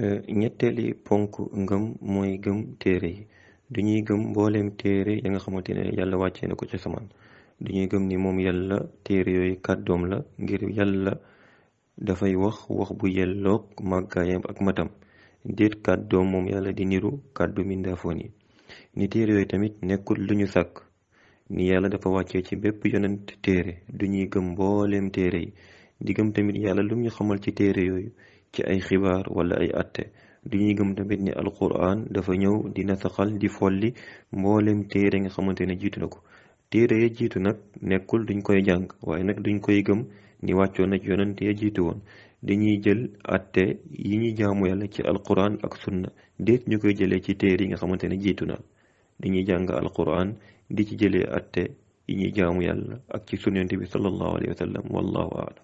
Euh, ñetteeli ponk ngëm mooy gëm téere yi du ñuy gëm mbooleem téere ya nga xamante ne yàlla wàccee na ko ci samaan duñuy gëm ni moom yàlla téere yooyu kàddoom la ngir yàlla dafay wax wax bu yelloog màggaayam ak matam déet kàddoom moom yàlla di niru kàddu mindaafoon yi ni téere yooyu tamit nekkul lu ñu sàkk ni yàlla dafa wàccee ci bépp yonent téere du ñuy gëm mbooleem téere yi di gëm tamit yàlla lu ñu xamal ci téere yooyu ci ay xibaar wala ay atte li ñuy gëm tamit ne alquran dafa ñëw di nasaxal di folli mboolem téere nga xamante ne jiitu na ko téere ya jiitu nag nekkul duñ koy jàng waaye nag duñ koy gëm ni wàccoon ci yonent ya jiitu woon dañuy jël atte yi ñuy jaamu yàlla ci alquran ak sunna déet ñu koy jëlee ci téere yi nga xamante ne jiitu na dañuy jàng alquran di ci jële atte yi ñuy jaamu yàlla ak ci sunnante bi sallallahu alayhi wa sallam aalam